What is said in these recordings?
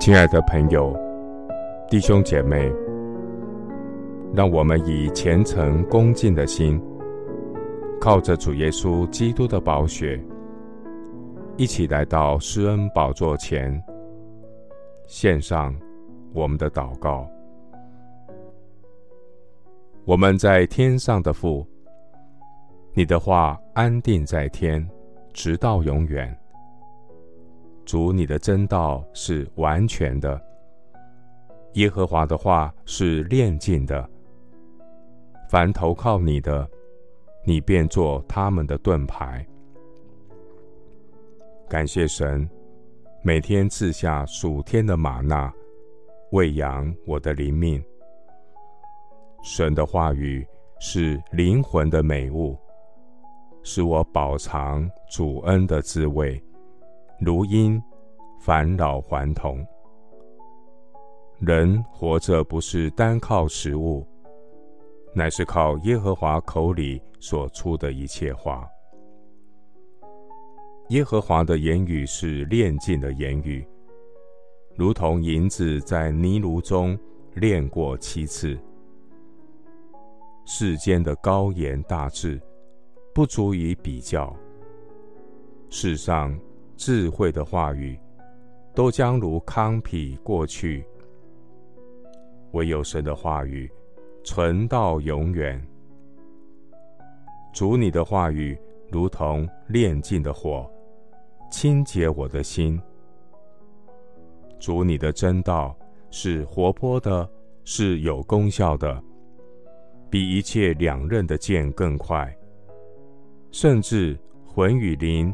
親愛的朋友、弟兄姐妹，讓我們以虔誠恭敬的心，靠着主耶穌基督的寶血，一起來到施恩寶座前，獻上我們的禱告。我們在天上的父，你的話安定在天，直到永遠。主，你的真道是完全的；耶和華的話是煉淨的。凡投靠你的，你便做他們的盾牌。感謝神，每天賜下屬天的瑪納，餵養我的靈命。神的話語是靈魂的美物，使我飽嘗主恩的滋味。如鷹返老還童，人活着不是單靠食物，乃是靠耶和華口裡所出的一切話。耶和華的言語是煉淨的言語，如同銀子在泥爐中煉過七次。世間的高言大智不足以比較，世上。智慧的話語，都將如糠秕過去；唯有神的話語，存到永遠。主你的話語如同煉盡的火，清潔我的心。主你的真道是活潑的，是有功效的，比一切兩刃的劍更快，甚至魂與靈。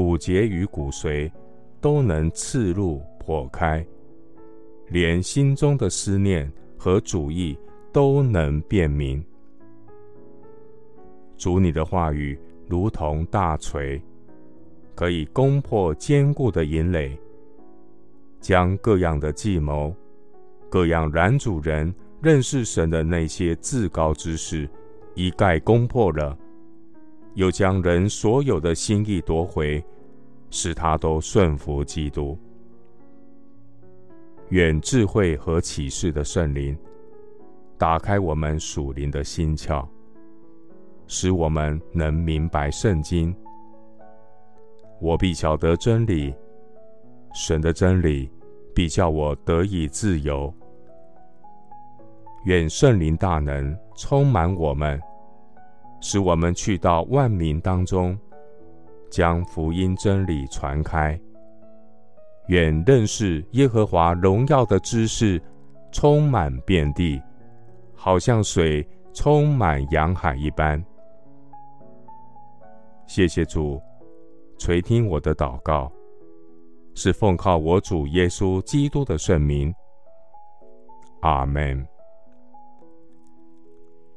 骨節與骨髓都能刺入剖開，連心中的思念和主意都能辨明。主你的話語如同大錘，可以攻破堅固的營壘，將各樣的計謀、各樣攔阻人認識神的那些自高之事，一概攻破了。又將人所有的心意奪回，使他都順服基督。願智慧和啟示的聖靈打開我們屬靈的心竅，使我們能明白聖經。我必曉得真理，神的真理必叫我得以自由。願聖靈大能充滿我們。使我們去到萬民當中，將福音真理傳開。願認識耶和華榮耀的知識充滿遍地，好像水充滿洋海一般。謝謝主，垂聽我的禱告。是奉靠我主耶穌基督的聖名。阿門。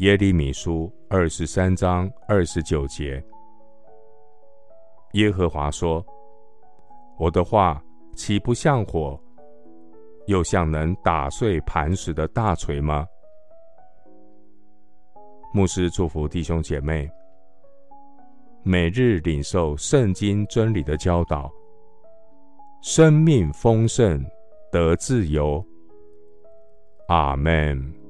耶利米書二十三章二十九節，耶和華說：“我的話豈不像火，又像能打碎磐石的大錘嗎？”牧師祝福弟兄姐妹，每日領受聖經真理的教導，生命豐盛，得自由。阿們。